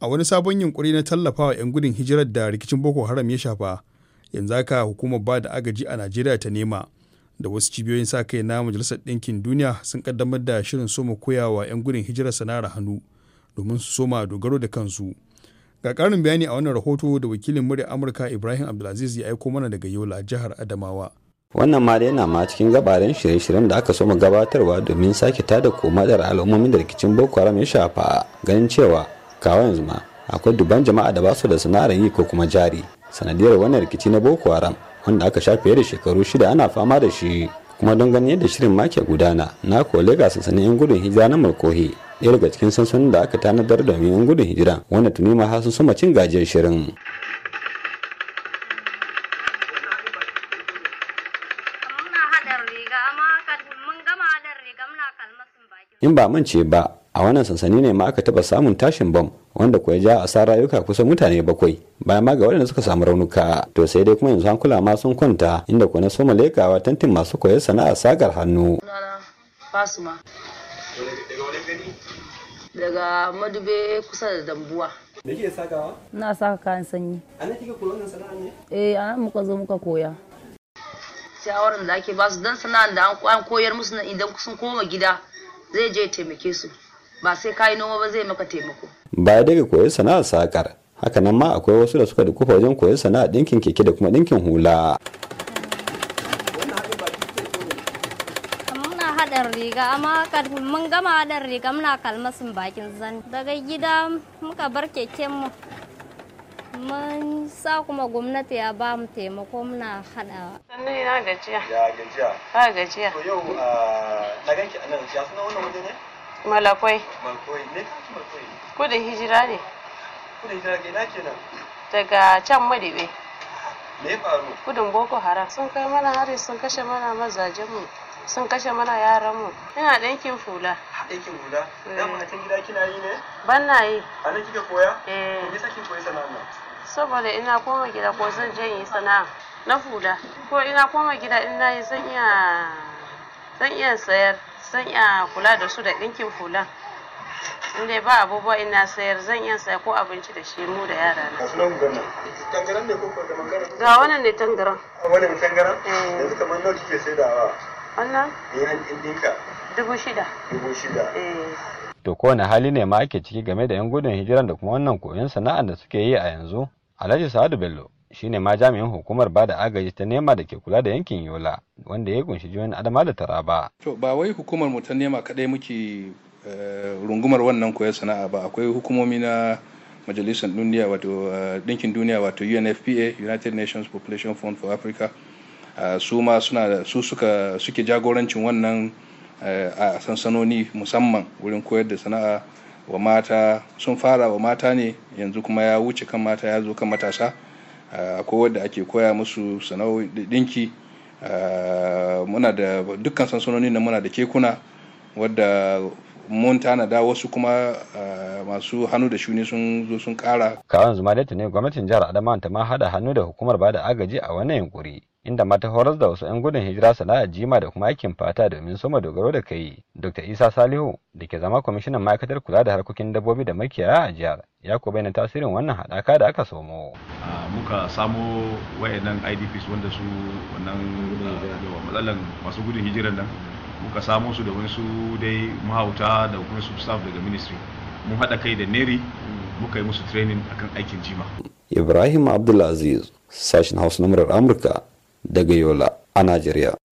a wani sabon yunkuri na tallafawa 'yan gudun hijirar da rikicin boko haram ya shafa yanzu aka hukumar ba da agaji a najeriya ta nema da wasu cibiyoyin sa kai na majalisar ɗinkin duniya sun kaddamar da shirin soma koyawa 'yan gudun hijirar sana'ar hannu domin su soma dogaro da kansu ga ƙarin bayani a wannan rahoto da wakilin murya amurka ibrahim abdulaziz ya aiko mana daga yola jihar adamawa wannan ma yana ma cikin gabarin shirye-shiryen da aka soma gabatarwa domin sake tada komadar al'ummomin da rikicin boko haram ya shafa ganin cewa kawo yanzu ma akwai dubban jama'a da ba su da sana'ar yi ko kuma jari sanadiyar wannan rikici na boko haram wanda aka sha fiye da shekaru shida ana fama da shi kuma don ganin yadda shirin ma ke gudana na kolega sansanin yan gudun hijira na markohi ɗaya daga cikin sansanin da aka tanadar domin yan gudun hijira wanda tuni ma har sun cin gajiyar shirin in ba mance ba a wannan sansani ne ma aka taba samun tashin bom wanda kuwa ja a rayuka kusa mutane bakwai bayan ma ga waɗanda suka samu raunuka to sai dai kuma yanzu hankula ma sun kwanta inda kuwa na soma lekawa tantin masu koyar sana'a sagar hannu daga madube kusa da dambuwa me sakawa na saka kayan sanyi ana kike eh ana muka zo muka koya shawaran da ake basu dan sana'ar da an koyar musu idan sun koma gida zai je taimake su ba sai kayi noma ba zai maka taimako. Baya daga koyon sana'ar sakar, hakanan ma akwai wasu da suka dukufa wajen koyon sana'ar ɗinkin keke da kuma ɗinkin hula. Muna riga amma mun gama haɗin riga muna kalmasin bakin zan. Daga gida muka bar keken mu. Mun sa kuma gwamnati ya ba mu taimako muna haɗawa. sannan ina gajiya. Ya gajiya. Ha gajiya. To yau ah, na ganki anan ya suna wannan waje ne? malakwai kudin hijira ne kudin hijira ke kenan daga can madibe me faru kudin boko haram sun kai mana hari sun kashe mana mazajenmu sun kashe mana yaranmu ina ɗankin fula ɗankin fula eh. dan ba ta gida kina yi ne ban na yi a nan kika koya eh me sakin kin koyi sana'a saboda ina koma gida ko zan je yi sana'a na fula ko ina koma gida ina yi zan iya zan iya sayar san iya kula da su da ɗinkin fulan in dai ba abubuwa ina sayar zan iya sayar ko abinci da shi mu da yara na tangaran ne ga wannan ne tangaran a wannan tangaran eh. yanzu kamar nawa kike saidawa wannan yan dinka dubu shida dubu shida eh. to kowane hali ne ma ake ciki game da yan gudun hijiran da kuma wannan koyon sana'ar da suke yi a yanzu alhaji sa'adu bello shine ma jami'in hukumar ba da agaji ta nema da ke kula da yankin yola wanda ya kunshi jihohin adama da taraba to ba wai hukumar mu ta nema kadai muke eh, rungumar wannan koyar sana'a ba akwai hukumomi na majalisar duniya wato dinkin eh, duniya wato unfpa united nations population fund for africa eh, su ma suna su suka suke jagorancin wannan a sansanoni musamman wurin koyar da sana'a wa mata sun fara wa mata ne yanzu kuma ya wuce kan mata ya zo kan matasa Eh, akwai wadda ake koya musu sana'o'i dinki eh, muna da dukkan sansanoni na muna da kekuna wadda mun tanada wasu kuma eh, masu hannu da shuni sun zo sun kara. Kawon zuma da ne gwamnatin jihar Adamawa ta ma hada hannu da hukumar bada agaji a wannan yunkuri. Inda mata ta horas da wasu 'yan gudun hijira sana'a jima da kuma aikin fata domin soma dogaro da kai. Dr. Isa Salihu da ke zama kwamishinan ma'aikatar kula da harkokin dabbobi da makiyaya a jihar ya ko bayyana tasirin wannan haɗaka da aka somo. kuka samo wayannan idps wanda su wannan ah, matsalan masu gudun hijiran nan muka samo su da wasu dai mahauta da kuma su staff daga ministry mun haɗa kai da neri hmm. muka yi musu training akan aikin jima ibrahim abdulaziz sashen hausa na murar amurka daga yola a najeriya